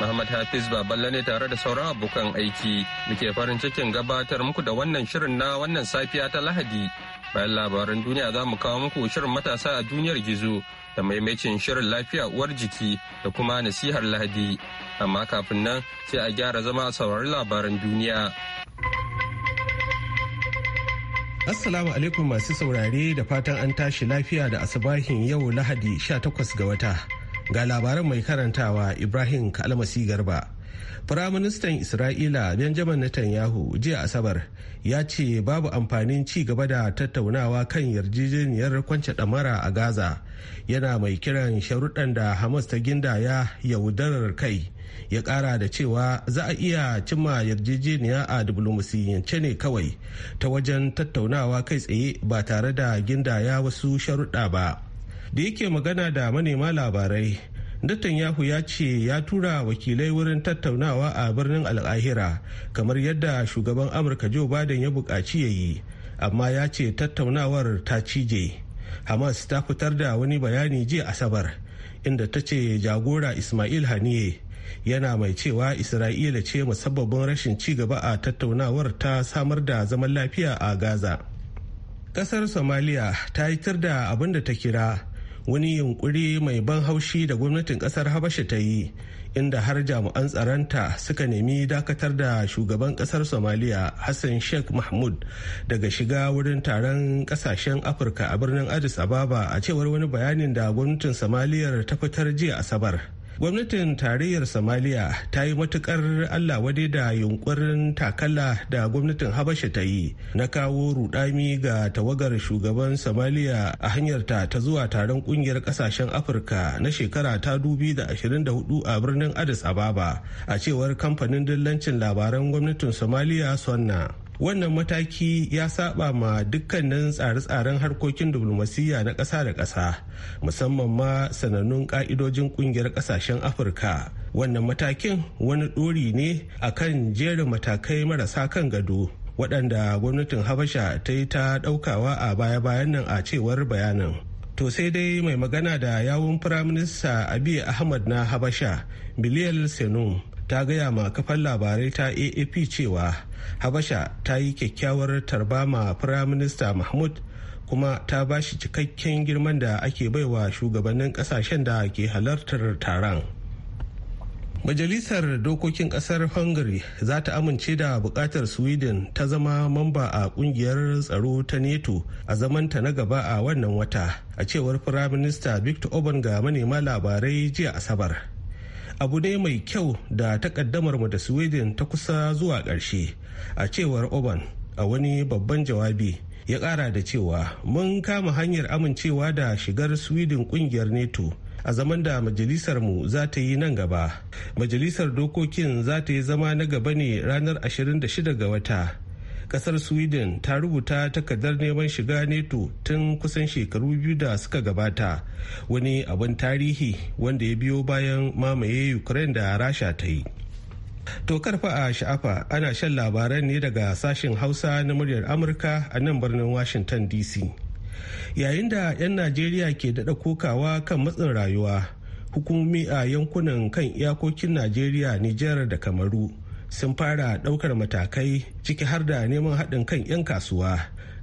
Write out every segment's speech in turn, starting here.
Muhammad Hafiz Baballe ne tare da sauran abokan aiki muke farin cikin gabatar muku da wannan shirin na wannan safiya ta Lahadi. Bayan labaran duniya za mu kawo muku shirin matasa a duniyar gizo da maimacin shirin lafiya uwar jiki da kuma nasihar Lahadi. Amma kafin nan sai a gyara zama a saurari labaran duniya. Assalamu alaikum masu saurare da fatan an tashi lafiya da asubahin yau Lahadi 18 ga wata. Ga labaran mai karantawa Ibrahim Kalmasi Garba. Firaministan Isra'ila Benjamin Netanyahu jiya Asabar ya ce babu amfanin ci gaba da tattaunawa kan yarjejeniyar kwance ɗamara a Gaza yana mai kiran sharuɗan da Hamas ta gindaya yaudarar kai ya ƙara da cewa za a iya cimma yarjejeniya a diflomasiyance ne kawai ta wajen tattaunawa kai tsaye ba tare da gindaya wasu sharuɗa ba. Da yake magana da manema labarai. Netanyahu ya ce ya tura wakilai wurin tattaunawa a birnin al'ahira kamar yadda shugaban Amurka Joe Biden ya buƙaci ya yi, amma ya ce tattaunawar ta cije. Hamas ta fitar da wani bayani jiya Asabar inda ta ce jagora Ismail Haniye yana mai cewa Isra'ila ce musabbabin rashin ci gaba a tattaunawar ta samar da zaman lafiya a Gaza. Kasar Somalia ta yi da abin da ta kira wani yunkuri mai ban haushi da gwamnatin kasar habasha ta yi inda har jami'an tsaronta suka nemi dakatar da shugaban kasar somaliya hassan sheikh mahmud daga shiga wurin taron kasashen afirka a birnin addis ababa a cewar wani bayanin da gwamnatin somaliyar ta fitar jiya asabar gwamnatin tarayyar samaliya ta yi matukar allah wade da yunkurin takalla da gwamnatin habasha ta yi na kawo rudami ga tawagar shugaban samaliya a hanyarta ta zuwa taron kungiyar kasashen afirka na shekara ta dubi da ashirin da hudu a birnin addis ababa a cewar kamfanin dillancin labaran gwamnatin somaliya sonna wannan mataki ya saba ma dukkanin tsare-tsaren harkokin diplomasiyya na ƙasa da ƙasa musamman ma sanannun ƙa'idojin ƙungiyar ƙasashen afirka wannan matakin wani ɗori ne akan jerin matakai marasa kan gado waɗanda gwamnatin habasha ta yi ta ɗaukawa a baya-bayan nan a cewar bayanin to sai dai mai magana da yawun firaminista abiy ahmad na habasha biliyal senum ta gaya ma kafan labarai ta aap cewa habasha ta yi kyakkyawar tarba ma firaminista mahmud kuma ta ba shi cikakken girman da ake baiwa shugabannin kasashen da ke halartar taron majalisar dokokin kasar hungary za ta amince da bukatar sweden ta zama mamba a kungiyar tsaro ta nato a zamanta na gaba a wannan wata a cewar firaminista victor orban ga manema labarai jiya asabar abu ne mai kyau da takaddamar mu da sweden ta kusa zuwa ƙarshe a cewar oban a wani babban jawabi ya ƙara da cewa mun kama hanyar amincewa da shigar sweden ƙungiyar neto a zaman da majalisar mu za ta yi nan gaba majalisar dokokin za ta yi zama na gaba ne ranar 26 ga wata kasar sweden ta rubuta takardar neman shiga neto tun kusan shekaru biyu da suka gabata wani abin tarihi wanda ya biyo bayan mamaye ukraine da rasha ta yi to karfa a sha'afa ana shan labaran ne daga sashen hausa na muryar amurka a nan birnin washington dc yayin da 'yan najeriya ke daɗa kokawa kan matsin rayuwa hukumomi a yankunan kan iyakokin najeriya nijar da kamaru sun fara ɗaukar matakai ciki har da neman haɗin kan 'yan kasuwa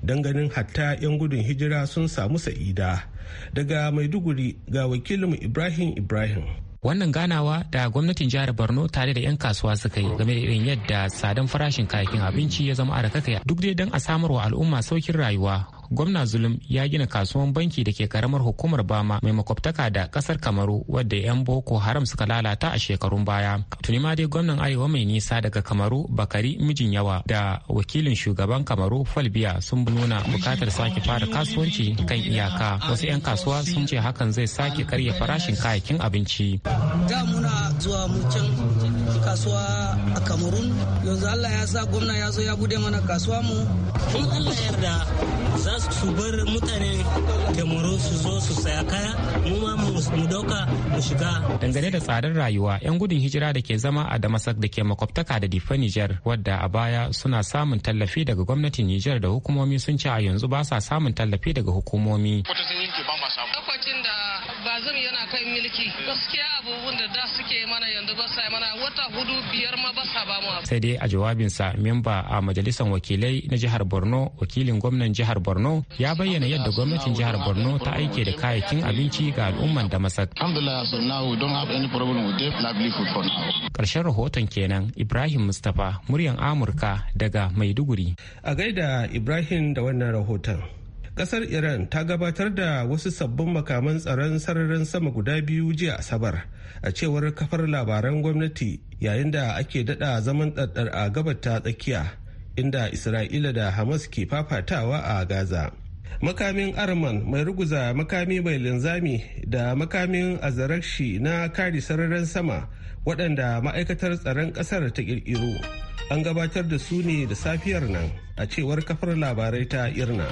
don ganin hatta 'yan gudun hijira sun samu sa'ida daga maiduguri ga wakilinmu ibrahim ibrahim wannan ganawa da gwamnatin jihar borno tare da 'yan kasuwa suka yi game da irin yadda tsadan farashin kayakin abinci ya zama a duk dai don a samarwa al'umma saukin rayuwa gwamna zulum ya gina kasuwan banki da ke karamar hukumar bama mai makwabtaka da kasar kamaru wadda 'yan boko haram suka lalata a shekarun baya tuni ma dai gwamnan arewa mai nisa daga kamaru bakari mijin yawa da wakilin shugaban kamaru falbiya sun nuna bukatar sake fara kasuwanci kan iyaka wasu 'yan kasuwa sun ce hakan zai sake karya farashin kayayyakin abinci zuwa mu can kasuwa a Cameroon yanzu Allah ya sa gwamna ya zo ya bude mana kasuwa mu in Allah yarda za su bar mutane Cameroon su zo su saya kaya mu ma mu dauka mu shiga dangane da tsadar rayuwa yan gudun hijira da ke zama a Damasak da ke makwabtaka da Difa Niger wadda a baya suna samun tallafi daga gwamnatin Niger da hukumomi sun ce a yanzu ba sa samun tallafi daga hukumomi. bazum yana kan milki gaskiya abubuwan da da suke mana yanzu ba sa mana wata hudu biyar ma ba sa ba mu sai dai a jawabinsa memba a majalisar wakilai na jihar borno wakilin gwamnan jihar borno ya bayyana yadda gwamnatin jihar borno ta aike da kayayyakin abinci ga al'umman da masak karshen rahoton kenan ibrahim mustapha muryan amurka daga maiduguri a gaida ibrahim da wannan rahoton kasar iran ta gabatar da wasu sabbin makaman tsaron sararin sama guda biyu jiya asabar a cewar kafar labaran gwamnati yayin da ake dada zaman ɗaɗɗar a gabata ta tsakiya inda isra'ila da hamas ke fafatawa a gaza makamin arman mai ruguza makami mai linzami da makamin azarakshi na kari sararin sama waɗanda ma'aikatar tsaron ƙasar ta ƙirƙiro an gabatar da su ne da safiyar nan a cewar kafar labarai ta irna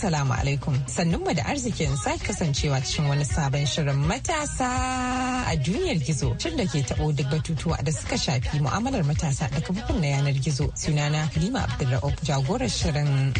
Assalamu alaikum. Sannun mu da arzikin sake kasancewa cikin wani sabon shirin matasa a duniyar gizo. tun da ke taɓo duk batutuwa da suka shafi mu'amalar matasa da kafofin na yanar gizo. Sunana Halima Abdulra'uf jagorar shirin.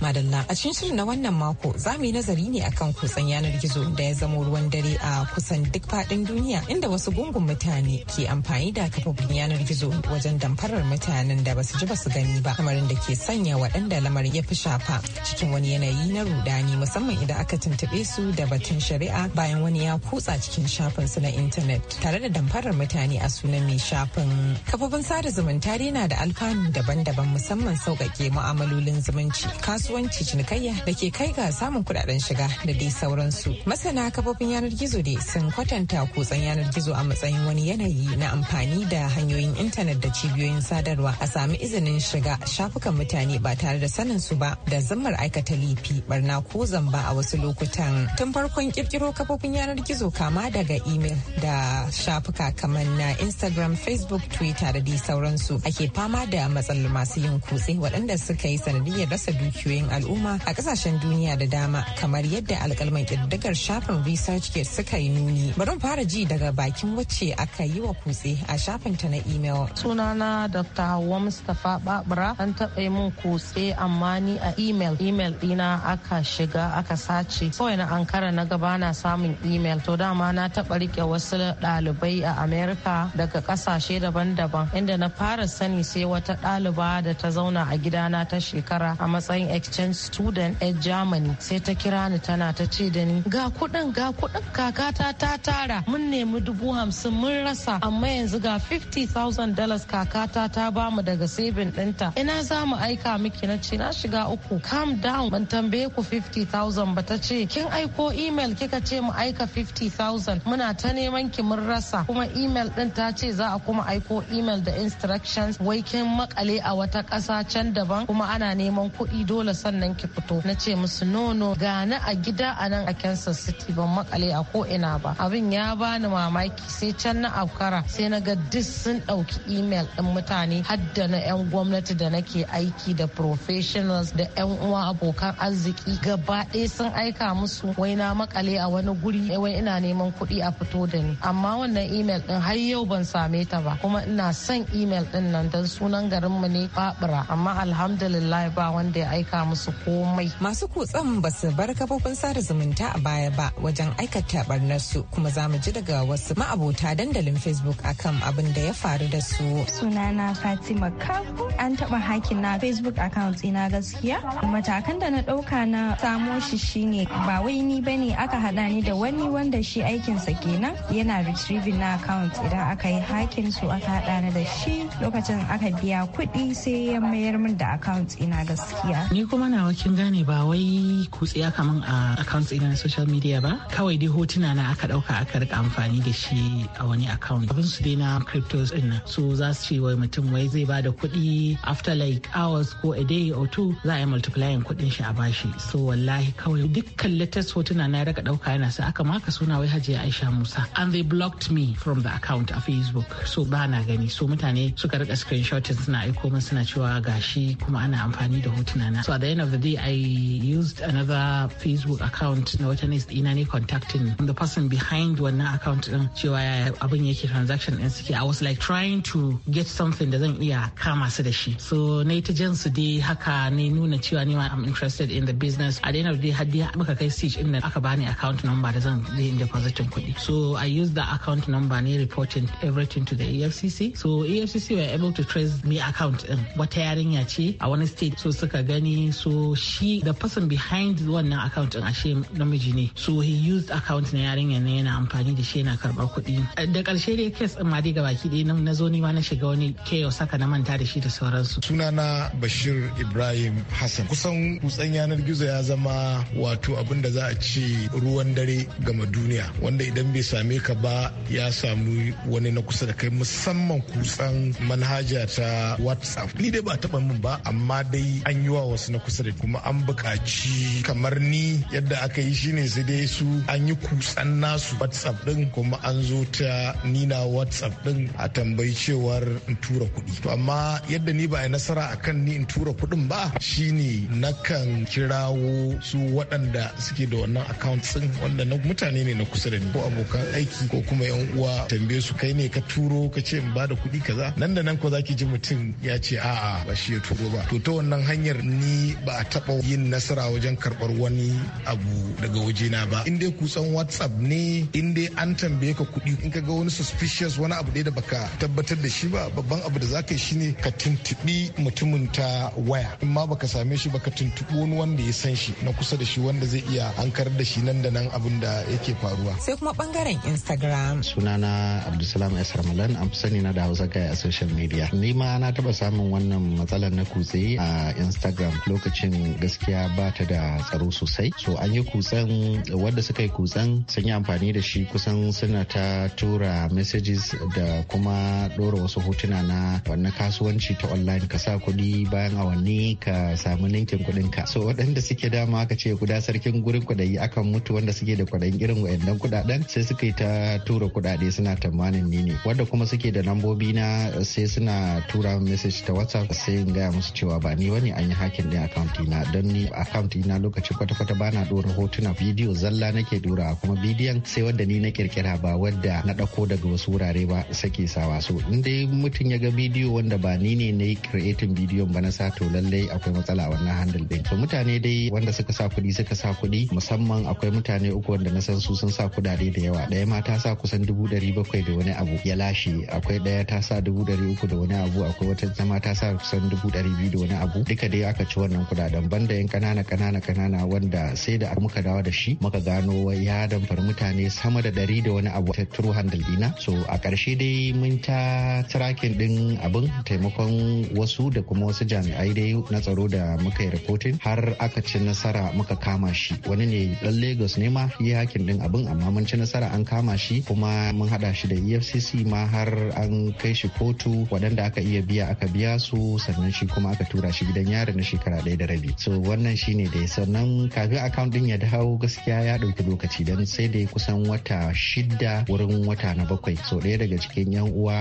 Madalla A cikin shirin na wannan mako za mu yi nazari ne akan kutsen yanar gizo da ya zama ruwan dare a kusan duk faɗin duniya inda wasu gungun mutane ke amfani da kafofin yanar gizo wajen damfarar mutanen da basu ji basu gani ba lamarin da ke sanya waɗanda lamarin ya fi shafa cikin wani yanayi na rudani musamman idan aka tuntuɓe su da batun shari'a bayan wani ya kutsa cikin shafin su na intanet tare da damfarar mutane a sunan mai shafin kafofin sada zumunta na da alfanu daban-daban musamman sauƙaƙe mu'amalolin zumunci kasuwanci cinikayya da ke kai ga samun kudaden shiga da dai sauransu. Masana kafofin yanar gizo dai sun kwatanta kutsen yanar gizo a matsayin wani yanayi na amfani da hanyoyin intanet da cibiyoyin sadarwa a sami izinin shiga shafukan mutane ba tare da sanin su ba da zammar aikata lifi barna ko zamba a wasu lokutan. Tun farkon kirkiro kafofin yanar gizo kama daga imel da shafuka kamar na Instagram, Facebook, Twitter da dai sauransu ake fama da matsalar masu yin kutse waɗanda suka yi sanadiyar rasa dukiyoyin al'umma al'umma a kasashen duniya da dama kamar yadda alkalman ƙididdigar shafin research ke suka yi nuni bari fara ji daga bakin wacce aka yi wa kutse a shafin ta na email sunana dr hawa mustapha babura an taɓa min kutse amma ni a email email dina aka shiga aka sace kawai na ankara na gaba na samun email to dama na taɓa rike wasu ɗalibai a america daga ƙasashe daban-daban inda na fara sani sai wata ɗaliba da ta zauna a gidana ta shekara a matsayin exchange student a germany sai ta kira ni tana ta ce da ni ga kuɗin ga kuɗin kakata ta tara mun nemi dubu hamsin mun rasa amma yanzu ga 50,000 dollars kakata ta bamu daga saving dinta ina za mu aika miki na ce na shiga uku calm down ban tambaye ku 50,000 ba ta ce kin aiko email kika ce mu aika 50,000 muna ta neman ki mun rasa kuma email din ta ce za a kuma aiko email da instructions wai kin makale a wata ƙasa can daban kuma ana neman kuɗi dole sannan ki fito na ce musu nono gani a gida a nan a Kansas City ban makale a ko ina ba abin ya bani mamaki sai can na afkara sai na ga duk sun ɗauki email din mutane hadda na 'yan gwamnati da nake aiki da professionals da 'yan uwa abokan arziki gaba ɗaya sun aika musu wai na makale a wani guri eh, wai ina neman kuɗi a fito da ni amma wannan email din har yau ban same ta ba kuma ina son email din nan don sunan garinmu ne babura amma alhamdulillah ba wanda ya aika musu komai masu kutsan ba su bar kafofin sada zumunta a baya ba wajen aikata barnarsu kuma za mu ji daga wasu ma'abota dandalin facebook akan abin da ya faru da su sunana fatima kafu an taba hakin na facebook account ina gaskiya matakan da na dauka na samo shi shine ba wai ni bane aka hada ni da wani wanda shi aikin sa kenan yana retrieving na account idan aka yi hakin su aka hada ni da shi lokacin aka biya kuɗi sai ya mayar min da account ina gaskiya ni kuma na kin gane ba wai kutse aka min a account ina na social media ba kawai dai hotuna na aka dauka aka rika amfani da shi a wani account abin su dai na cryptos din nan so za su ce wai mutum wai zai bada kuɗi after like hours ko a day or two za a yi multiplying kuɗin shi a bashi so wallahi kawai dukkan latest hotuna na rika dauka yana sa aka maka suna wai Hajiya Aisha Musa and they blocked me from the account a Facebook so ba na gani so mutane suka rika screenshotting suna aiko min suna cewa gashi kuma ana amfani da hotuna na so at the end of the day I used another Facebook account na wata next ina ne contacting the person behind wannan account din cewa abin yake transaction din suke I was like trying to get something da zan iya kama su da shi. So na ita jan su dai haka ne nuna cewa ni I'm interested in the business. At the end of the day har dai muka kai stage din da aka bani account number da zan je in depositin kuɗi. So I used the account number ne reporting everything to the EFCC. So EFCC were able to trace me account din. Wata yarinya ce a wani state so suka gani so so shi the person behind wannan account din ashe namiji ne so he used account na yarinyar ne yana amfani da shi yana karbar kuɗi da karshe dai kes din ma dai gabaki dai na zo ni ma na shiga wani chaos saka na manta da shi da sauransu sunana Bashir Ibrahim Hassan kusan kutsan yanar gizo ya zama wato abin da za a ce ruwan dare gama duniya wanda idan bai same ka ba ya samu wani na kusa da kai musamman kutsan manhaja ta WhatsApp ni dai ba taɓa min ba amma dai an yi wa wasu na kusa da kuma an buƙaci kamar ni yadda aka yi shine su dai su an yi kutsan nasu whatsapp din kuma an zo ta nina whatsapp din a tambayi cewar in tura kuɗi to amma yadda ni ba a nasara akan ni in tura kuɗin ba shine nakan kirawo su waɗanda suke da wannan account din wanda na mutane ne na kusa da ni ko abokan aiki ko kuma yan uwa tambaye su kai ne ka turo ka ce in bada kuɗi kaza nan da nan ko zaki ji mutum ya ce a'a ba shi ya turo ba to ta wannan hanyar ni ba a taɓa yin nasara wajen karɓar wani abu daga waje na ba in dai kusan whatsapp ne in dai an tambaye ka kuɗi in ka ga wani suspicious wani abu ne da baka tabbatar da shi ba babban abu da zaka yi shine ka tuntubi mutumin ta waya in ma baka same shi ba ka tuntuɓi wani wanda ya san shi na kusa da shi wanda zai iya ankar da shi nan da nan abin da yake faruwa sai kuma bangaren instagram sunana abdulsalam s malan an fi sani na da hausa kai a social media ni ma na taba samun wannan matsalar na kutse a instagram lokacin gaskiya ba ta da tsaro sosai so an yi kutsen wanda suka yi kutsen sun yi amfani da shi kusan suna ta tura messages da kuma ɗora wasu hotuna na wannan kasuwanci ta online ka sa kuɗi bayan awanni ka samu ninkin kuɗin ka so waɗanda suke dama aka ce guda sarkin gurin kwaɗayi, akan mutu wanda suke da kuɗin irin waɗannan kuɗaɗen sai suka yi ta tura kuɗaɗe suna tamanin ni ne wanda kuma suke da lambobi na sai suna tura message ta whatsapp sai in gaya musu cewa ba ni wani an yi hakin din account na don ni account na lokaci kwata-kwata ba na dora hotuna bidiyo zalla nake dora kuma bidiyon sai wadda ni na kirkira ba wadda na ɗauko daga wasu wurare ba sake sawa so in dai mutum ya ga bidiyo wanda ba ni ne na yi creating bidiyo ba na sa to lallai akwai matsala a wannan handle din to mutane dai wanda suka sa kuɗi suka sa kuɗi musamman akwai mutane uku wanda na san su sun sa kuɗaɗe da yawa ɗaya ma ta sa kusan dubu ɗari bakwai da wani abu ya lashe akwai ɗaya ta sa dubu ɗari uku da wani abu akwai wata ta sa kusan dubu ɗari biyu da wani abu duka dai aka ci wannan kuɗaɗen kaɗan da yan ƙanana ƙanana ƙanana wanda sai da muka dawo da shi muka gano ya damfar mutane sama da dari da wani abu ta turu handle dina so a karshe dai mun ta tracking din abin taimakon wasu da kuma wasu jami'ai dai na tsaro da muka yi reporting har aka ci nasara muka kama shi wani ne dan Lagos ne ma yi hakin din abin amma mun ci nasara an kama shi kuma mun hada shi da EFCC ma har an kai shi kotu waɗanda aka iya biya aka biya su sannan shi kuma aka tura shi gidan yari na shekara ɗaya da rabi kuɗi so wannan shine da sannan kafin account din ya dawo gaskiya ya ɗauki lokaci don sai da kusan wata shida wurin wata na bakwai so ɗaya daga cikin yan uwa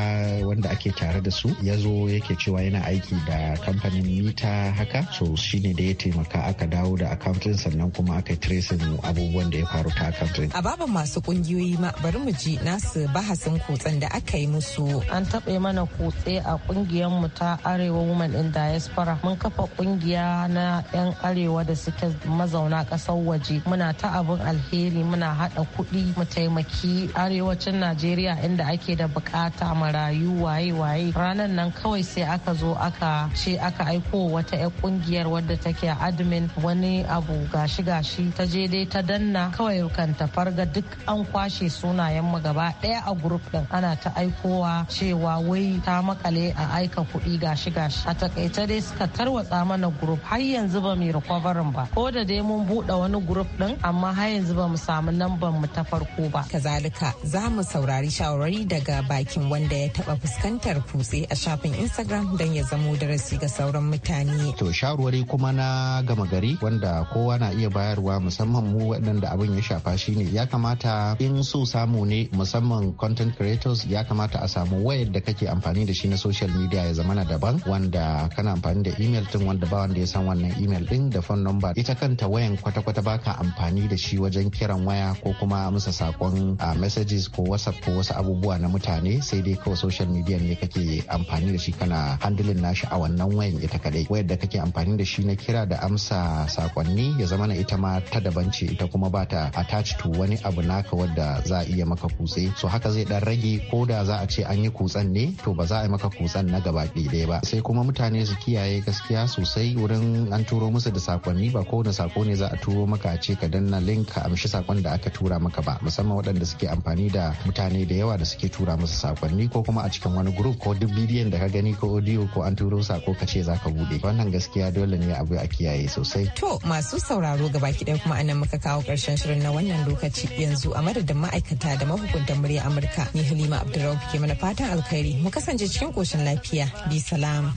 wanda ake tare da su ya zo yake cewa yana aiki da kamfanin mita haka so shine da ya taimaka aka dawo da account din sannan kuma aka tracing abubuwan da ya faru ta account din a baban masu kungiyoyi ma bari mu ji nasu bahasin kutsen da aka yi musu an taɓa mana kutse a kungiyar mu ta arewa women in diaspora mun kafa kungiya na 'yan arewa da suke mazauna ƙasar waje muna ta abin alheri muna haɗa kuɗi mu taimaki arewacin najeriya inda ake da bukata marayu waye waye ranar nan kawai sai aka zo aka ce aka aiko wata 'yan kungiyar wadda take admin wani abu gashi gashi ta je dai ta danna kawai kan ta farga duk an kwashe sunayen mu gaba ɗaya a gurup din ana ta aikowa cewa wai ta makale a aika kuɗi gashi gashi a takaita dai suka tarwatsa mana grup har yanzu ba mu recoverin ba ko da dai mun buɗe wani group ɗin amma har yanzu ba mu samu lambar mu ta farko ba kazalika za mu saurari shawarwari daga bakin wanda ya taba fuskantar kutse a shafin instagram don ya zamo darasi ga sauran mutane to shawarwari kuma na gama gari wanda kowa na iya bayarwa musamman mu waɗanda abin ya shafa shine ya kamata in so samu ne musamman content creators ya kamata a samu wayar da kake amfani da shi na social media ya zamana daban wanda kana amfani da email din wanda ba wanda ya san wannan wannan email din da phone number ita kanta wayan kwata-kwata baka amfani da shi wajen kiran waya ko kuma musa sakon ah, messages ko whatsapp ko wasu abubuwa na mutane sai dai kawai social media ne kake amfani da shi kana handling nashi a wannan wayan ita kadai wayar da kake amfani da shi na kira da amsa sakonni ya zama na ita ma ta daban ce ita kuma ba ta attached to wani abu naka wanda za a iya maka kutse so haka zai dan rage ko da za a ce an yi kutsen ne to ba za a yi maka kutsen na gaba ɗaya ba sai kuma mutane su kiyaye gaskiya sosai wurin an turo musu da sakonni ba kowane sako ne za a turo maka a ce ka danna link ka amshi sakon da aka tura maka ba musamman waɗanda suke amfani da mutane da yawa da suke tura musu sakonni ko kuma a cikin wani group ko duk bidiyon da ka gani ko audio ko an turo sako ka ce za ka bude wannan gaskiya dole ne abu a kiyaye sosai. To masu sauraro gaba ɗaya kuma anan muka kawo karshen shirin na wannan lokaci yanzu a madadin ma'aikata da mahukuntan murya Amurka ni Halima Abdulrauf ke mana fatan alkhairi mu kasance cikin koshin lafiya bi salam.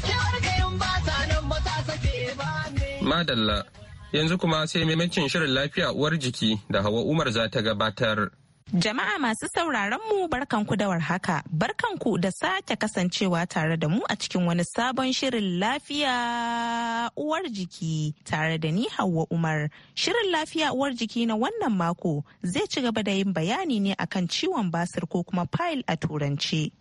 Madalla, yanzu kuma sai maimakon shirin lafiya uwar jiki da Hawa Umar za ta gabatar. Jama'a masu sauraron mu barkanku da warhaka, barkanku da sake kasancewa tare da mu a cikin wani sabon shirin lafiya uwar jiki tare da ni Hauwa Umar. Shirin lafiya uwar jiki na wannan mako zai ci gaba da yin bayani ne akan ciwon basir ko kuma fayil a turance.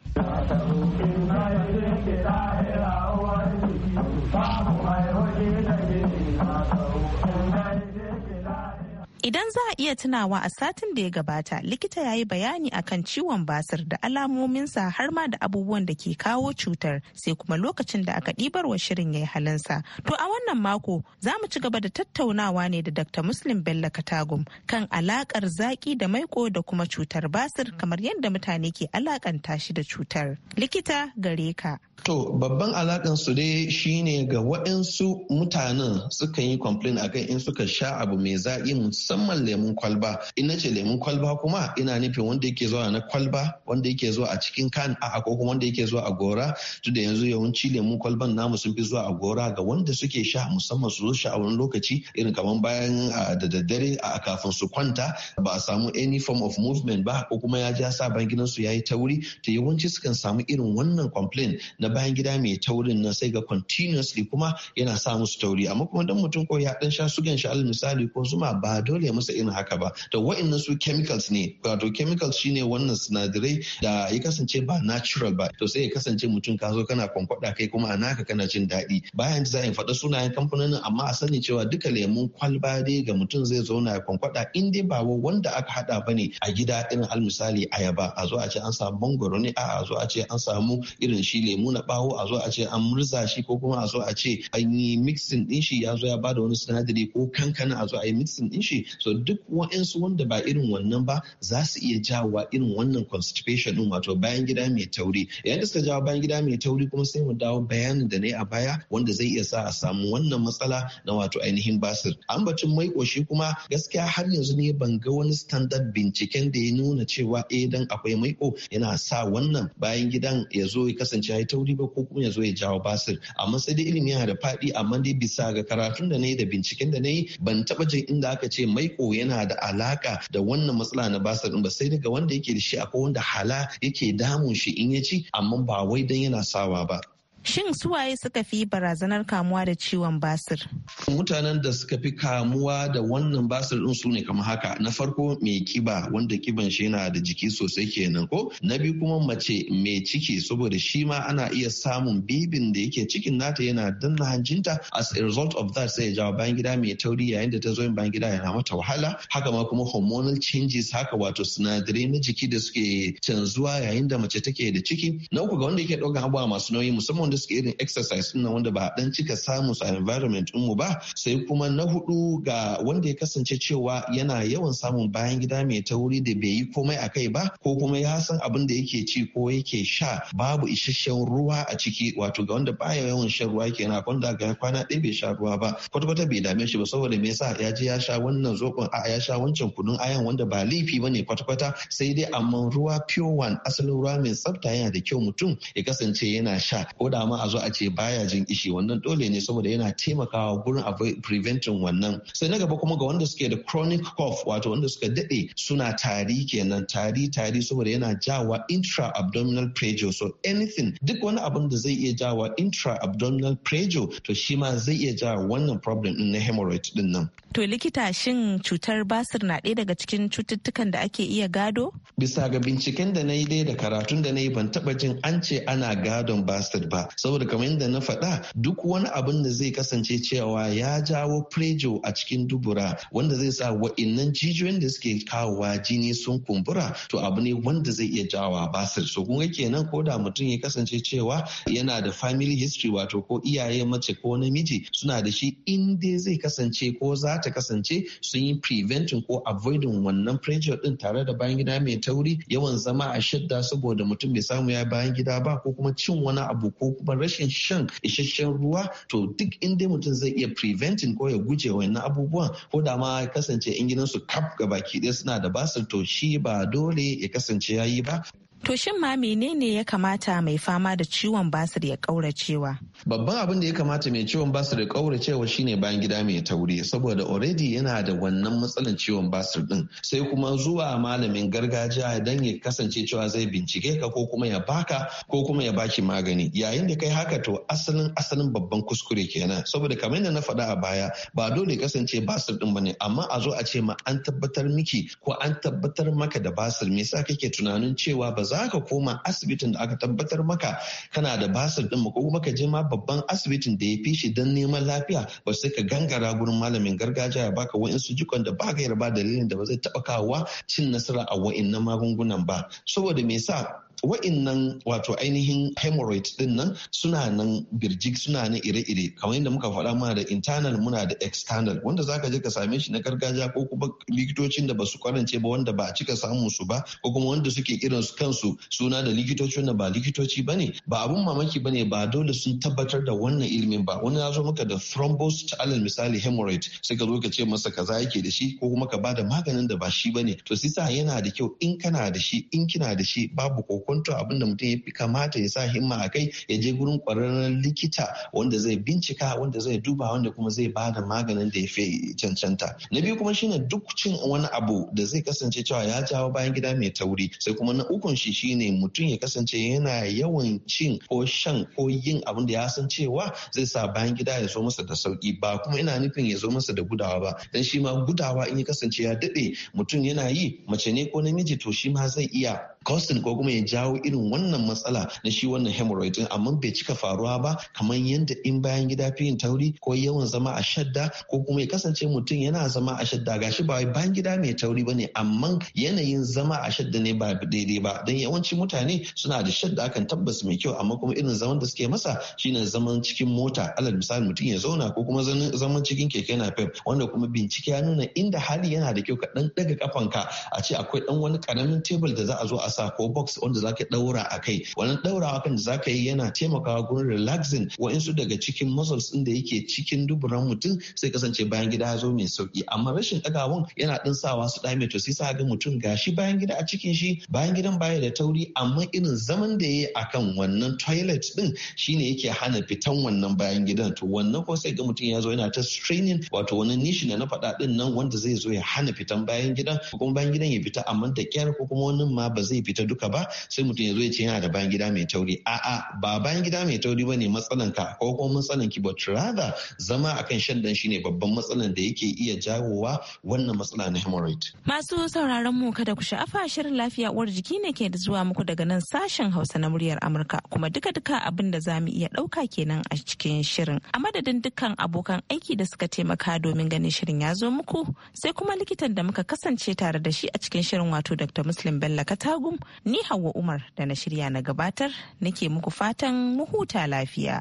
Idan za a iya tunawa a satin da ya gabata likita ya yi bayani akan ciwon basir da alamominsa har ma da abubuwan da ke kawo cutar sai kuma lokacin da aka ɗibarwa shirin ya yi halinsa. To a wannan mako za mu ci gaba da tattaunawa ne da Dr. Muslim Bello Katagum kan alakar zaƙi da maiko da kuma cutar basir kamar yadda mutane ke alakanta shi da cutar. Likita gare ka. To babban alakan su dai shine ga waɗansu mutanen suka yi complain akan in suka sha abu mai zaƙi musamman lemun kwalba ina ce lemun kwalba kuma ina nufin wanda yake zuwa na kwalba wanda yake zuwa a cikin kan a ko kuma wanda yake zuwa a gora tun da yanzu yawanci lemun kwalban namu sun fi zuwa a gora ga wanda suke sha musamman su zo sha a wani lokaci irin kamar bayan da daddare a kafin su kwanta ba a samu any form of movement ba ko kuma ya ja sa bayan gidan su yayi tauri to yawanci sukan samu irin wannan complaint na bayan gida mai taurin na sai ga continuously kuma yana sa musu tauri amma kuma dan mutum ko ya dan sha sugan shi al misali ko zuma ba dole dole masa irin haka ba to wa'annan su chemicals ne wato chemicals shine wannan sinadarai da ya kasance ba natural ba to sai ya kasance mutum ka zo kana kwankwada kai kuma a naka kana jin daɗi bayan za a faɗa sunayen kamfanonin amma a sani cewa duka lemun kwalba dai ga mutum zai zauna ya kwankwada in dai ba wanda aka hada ba ne a gida irin al misali ayaba a zo a ce an samu mangoro ne a a zo a ce an samu irin shi lemu na bawo a zo a ce an murza shi ko kuma a zo a ce an yi mixing din shi ya zo ya bada wani sinadari ko kankana a zo a yi mixing din shi so duk wa'ansu wanda ba irin wannan ba za su iya jawa irin wannan constipation din wato bayan gida mai tauri yayin da suka jawo bayan gida mai tauri kuma sai mu dawo bayanin da na yi a baya wanda zai iya sa a samu wannan matsala na wato ainihin basir ambacin mai koshi kuma gaskiya har yanzu ne ban ga wani standard binciken da ya nuna cewa eh dan akwai maiko yana sa wannan bayan gidan ya zo ya kasance ya tauri ba ko kuma ya zo ya jawo basir amma sai dai ilimi yana da faɗi amma dai bisa ga karatun da na yi da binciken da na yi ban taɓa jin inda aka ce maiko yana da alaka da wannan matsala na basa ba sai daga wanda yake da shi akwai wanda hala yake damun shi in ya ci amma ba wai dan yana sawa ba Shin suwaye suka fi barazanar kamuwa da ciwon basir? Mutanen da suka fi kamuwa da wannan basir din su ne kamar haka. Na farko mai kiba wanda kiban shi yana da jiki sosai kenan ko? Na biyu kuma mace mai ciki saboda shi ma ana iya samun bibin da yake cikin nata yana danna hanjinta as a result of that sai ya jawo bayan gida mai tauri yayin da ta zo yin bayan gida yana mata wahala. Haka ma kuma hormonal changes haka wato sinadarai na jiki da suke canzuwa yayin da mace take da ciki. Na uku ga wanda yake ɗaukan abubuwa masu nauyi musamman wanda irin exercise din wanda ba dan cika samu su environment mu ba sai kuma na hudu ga wanda ya kasance cewa yana yawan samun bayan gida mai tauri da bai yi komai akai ba ko kuma ya san abin da yake ci ko yake sha babu isasshen ruwa a ciki wato ga wanda baya yawan shan ruwa kenan kwanda ga kwana ɗaya bai sha ruwa ba kwata bai dame shi ba saboda me yasa ya je ya sha wannan zokon a ya sha wancan kunun ayan wanda ba laifi bane kwata-kwata sai dai amma ruwa pure one asalin ruwa mai tsafta yana da kyau mutum ya kasance yana sha ko da dama a zo a ce baya jin ishi wannan dole ne saboda yana taimakawa gurin a preventing wannan sai na gaba kuma ga wanda suke da chronic cough wato wanda suka daɗe suna tari kenan tari tari saboda yana jawa intra abdominal pressure so anything duk wani abin da zai iya jawa intra abdominal pressure to shi ma zai iya jawa wannan problem din na hemorrhoid din nan to likita shin cutar basir na ɗaya daga cikin cututtukan da ake iya gado bisa ga binciken da na yi dai da karatun da na yi ban taba jin an ce ana gadon basir ba saboda kamar yadda na faɗa duk wani abin da zai kasance cewa ya jawo prejo a cikin dubura wanda zai sa wa'innan jijiyoyin da suke kawowa jini sun kumbura to abu ne wanda zai iya jawa basir so kun kenan ko da mutum ya kasance cewa yana da family history wato ko iyaye mace ko namiji suna da shi in dai zai kasance ko za ta kasance sun yi preventing ko avoiding wannan prejo din tare da bayan gida mai tauri yawan zama a shidda saboda mutum bai samu ya bayan gida ba ko kuma cin wani abu ko kuma rashin shan isasshen ruwa to duk inda mutum zai iya preventing ko ya guje wa na abubuwan ko da ma kasance in su kaf baki ɗaya suna da basir to shi ba dole ya kasance ya yi ba To shin ma menene ya kamata mai fama da ciwon basir ya ƙauracewa? babban abin da ya kamata mai ciwon basir da cewa shine bayan gida mai tauri saboda already yana da wannan matsalan ciwon basir din sai kuma zuwa malamin gargajiya dan ya kasance cewa zai bincike ka ko kuma ya baka ko kuma ya baki magani yayin da kai haka to asalin asalin babban kuskure kenan saboda kamar yadda na faɗa a baya ba dole kasance basir din bane amma a zo a ce ma an tabbatar miki ko an tabbatar maka da basir me yasa kake tunanin cewa ba za ka koma asibitin da aka tabbatar maka kana da basir din ko kuma ka je ma babban asibitin da ya fi shi don neman lafiya ba sai ka gangara gurin malamin gargajiya ya baka wa'insu jikon da baka yarba dalilin da ba zai taɓa kawo cin nasara a wa'in na magungunan ba saboda me sa. wa'innan wato ainihin hemorrhoids din nan suna nan birjik suna nan ire-ire kamar yadda muka faɗa muna da internal muna da external wanda zaka je ka same shi na gargajiya ko kuma likitocin da basu kwarance ba wanda ba a cika samun su ba ko kuma wanda suke irin su kansu suna da likitoci wanda ba likitoci bane ba abun mamaki bane ba dole sun tabbatar da wannan ilimin ba wani ya zo maka da thrombus alal misali hemorrhoid sai ka zo ka ce masa kaza yake da shi ko kuma ka bada maganin da ba shi bane to sisa yana da kyau in kana da shi in kina da shi babu ko kokonto abinda mutum ya fi kamata ya sa himma a kai ya je gurin kwararren likita wanda zai bincika wanda zai duba wanda kuma zai ba da maganin da ya fi cancanta na biyu kuma shine duk cin wani abu da zai kasance cewa ya jawo bayan gida mai tauri sai kuma na ukun shi shine mutum ya kasance yana yawan cin ko shan ko yin abin da ya san cewa zai sa bayan gida ya zo masa da sauki ba kuma ina nufin ya zo masa da gudawa ba dan shi ma gudawa in ya kasance ya daɗe mutum yana yi mace ne ko namiji to shi ma zai iya costing ko kuma ya jawo irin wannan matsala na shi wannan hemorrhoid din amma bai cika faruwa ba kamar yadda in bayan gida fiyin tauri ko yawan zama a shadda ko kuma ya kasance mutum yana zama a shadda gashi ba wai bayan gida mai tauri bane amma yanayin zama a shadda ne ba daidai ba dan yawanci mutane suna da shadda akan tabbas mai kyau amma kuma irin zaman da suke masa shine zaman cikin mota alal misali mutum ya zauna ko kuma zaman cikin keke napep wanda kuma bincike ya nuna inda hali yana da kyau ka dan daga kafanka a ce akwai dan wani karamin tebul da za a zo a sa ko box wanda za ka daura a kai wannan daurawa kan da za ka yi yana taimakawa gurin relaxing wa'insu daga cikin muscles din da yake cikin duburan mutum sai kasance bayan gida ya zo mai sauki amma rashin ɗagawan yana ɗin sawa su ɗame to sai sa ga mutum gashi bayan gida a cikin shi bayan gidan baya da tauri amma irin zaman da ya yi kan wannan toilet din shine yake hana fitan wannan bayan gidan to wannan ko sai ga mutum ya zo yana ta straining wato wani nishi da na faɗa ɗin nan wanda zai zo ya hana fitan bayan gidan ko kuma bayan gidan ya fita amma da kyar ko kuma wannan ma ba zai fita duka ba sai mutum ya zo ya ce yana da bayan gida mai tauri a'a ba bayan gida mai tauri ba ne matsalan ka ko kuma matsalan ki but rather zama akan shan dan ne babban matsalan da yake iya jawowa wannan matsala na hemorrhoid masu sauraron mu kada ku sha'afa shirin lafiya uwar jiki ne ke zuwa muku daga nan sashen Hausa na muryar Amurka kuma duka duka abin da zamu iya dauka kenan a cikin shirin a madadin dukkan abokan aiki da suka taimaka domin ganin shirin ya zo muku sai kuma likitan da muka kasance tare da shi a cikin shirin wato Dr. Muslim Bello Katagum ni umar. Umar da na shirya na gabatar nake muku fatan mu huta lafiya.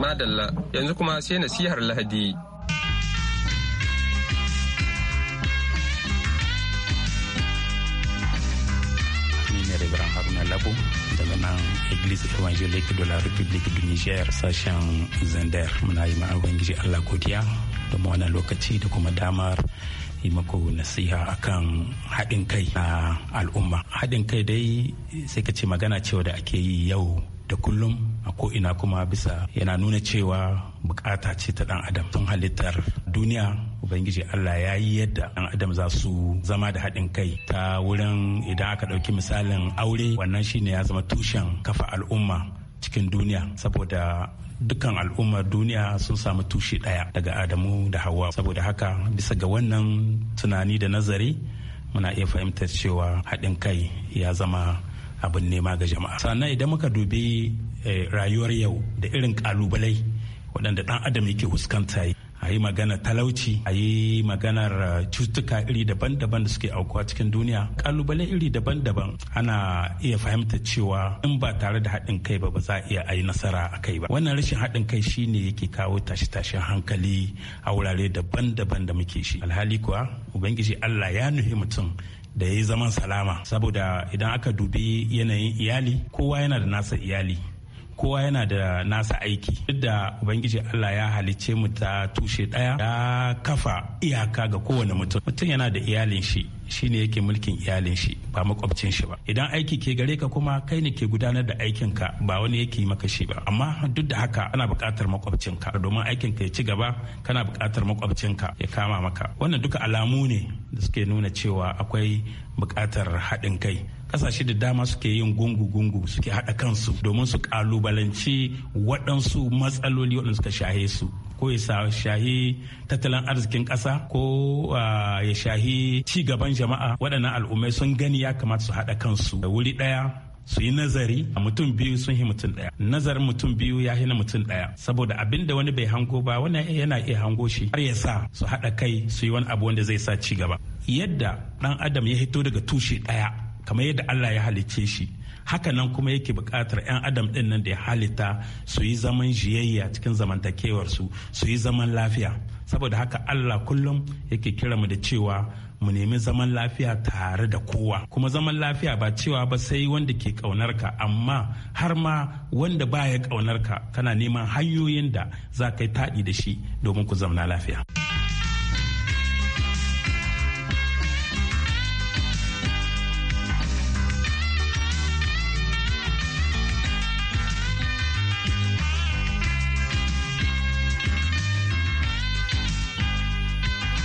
Madalla yanzu kuma sai nasihar Lahadi. Reverend Haruna Labo daga nan Eglise Evangelique de la République du Niger sashen Zander muna yi ma Ubangiji Allah godiya da wannan lokaci da kuma damar yi mako nasiha akan haɗin kai na al'umma haɗin kai dai sai ka ce magana cewa da ake yi yau da kullum a ko'ina kuma bisa yana nuna cewa bukata ce ta dan adam tun halittar duniya ubangiji allah ya yi yadda dan adam za su zama da haɗin kai ta wurin idan aka ɗauki misalin aure wannan shine ya zama tushen kafa al'umma cikin duniya saboda dukkan al'ummar duniya sun samu tushe ɗaya daga adamu da hawa saboda haka bisa ga wannan tunani da nazari muna iya fahimtar cewa haɗin kai ya zama abin nema ga jama'a sannan idan muka dubi eh, rayuwar yau da irin ƙalubalai waɗanda ɗan adam yake fuskanta a yi magana talauci a yi maganar uh, cutuka iri daban-daban da suke aukuwa cikin duniya kalubale iri daban-daban ana iya fahimta cewa in ba tare da haɗin kai ba ba za a iya a yi nasara a kai ba wannan rashin haɗin kai shine yake kawo tashe-tashen hankali a wurare daban-daban da muke shi alhali kuwa ubangiji allah ya nuhi mutum da ya yi zaman salama saboda idan aka dubi yanayin iyali kowa yana da nasa iyali kowa yana da nasa aiki duk da ubangiji allah ya halicce mu ta tushe daya ya kafa iyaka ga kowane mutum mutum yana da iyalin shi shine yake mulkin iyalin shi ba makwabcin shi ba idan aiki ke gare ka kuma kai ne ke gudanar da aikin ka ba wani yake maka shi ba amma duk da haka ana buƙatar makwabcin ka domin aikin ka ya ci gaba kana buƙatar makwabcin ka ya kama maka wannan duka alamu ne da suke nuna cewa akwai buƙatar haɗin kai kasashe da dama suke yin gungu-gungu suke haɗa kansu domin su ƙalubalanci waɗansu matsaloli waɗanda suka shahe su ko ya shahi tattalin arzikin ƙasa ko ah, ya shahi ci gaban jama'a waɗannan al'ummai sun gani ya kamata su haɗa kansu da wuri ɗaya su yi nazari a mutum biyu sun yi mutum ɗaya nazarin mutum biyu ya hina mutum ɗaya saboda abin da wani bai hango ba wani yana iya hango shi har ya sa su haɗa kai su yi wani abu wanda zai sa ci gaba yadda ɗan adam ya hito daga tushe ɗaya kamar yadda Allah ya halicce shi haka nan kuma yake bukatar 'yan adam ɗin nan da ya halitta su yi zaman jiyayya cikin zamantakewarsu su yi zaman lafiya saboda haka allah kullum yake kira mu da cewa mu nemi zaman lafiya tare da kowa kuma zaman lafiya ba cewa ba sai wanda ke ƙaunar ka amma har ma wanda baya ƙaunar ka kana neman hanyoyin da za ka yi taɗi da shi domin ku zauna lafiya.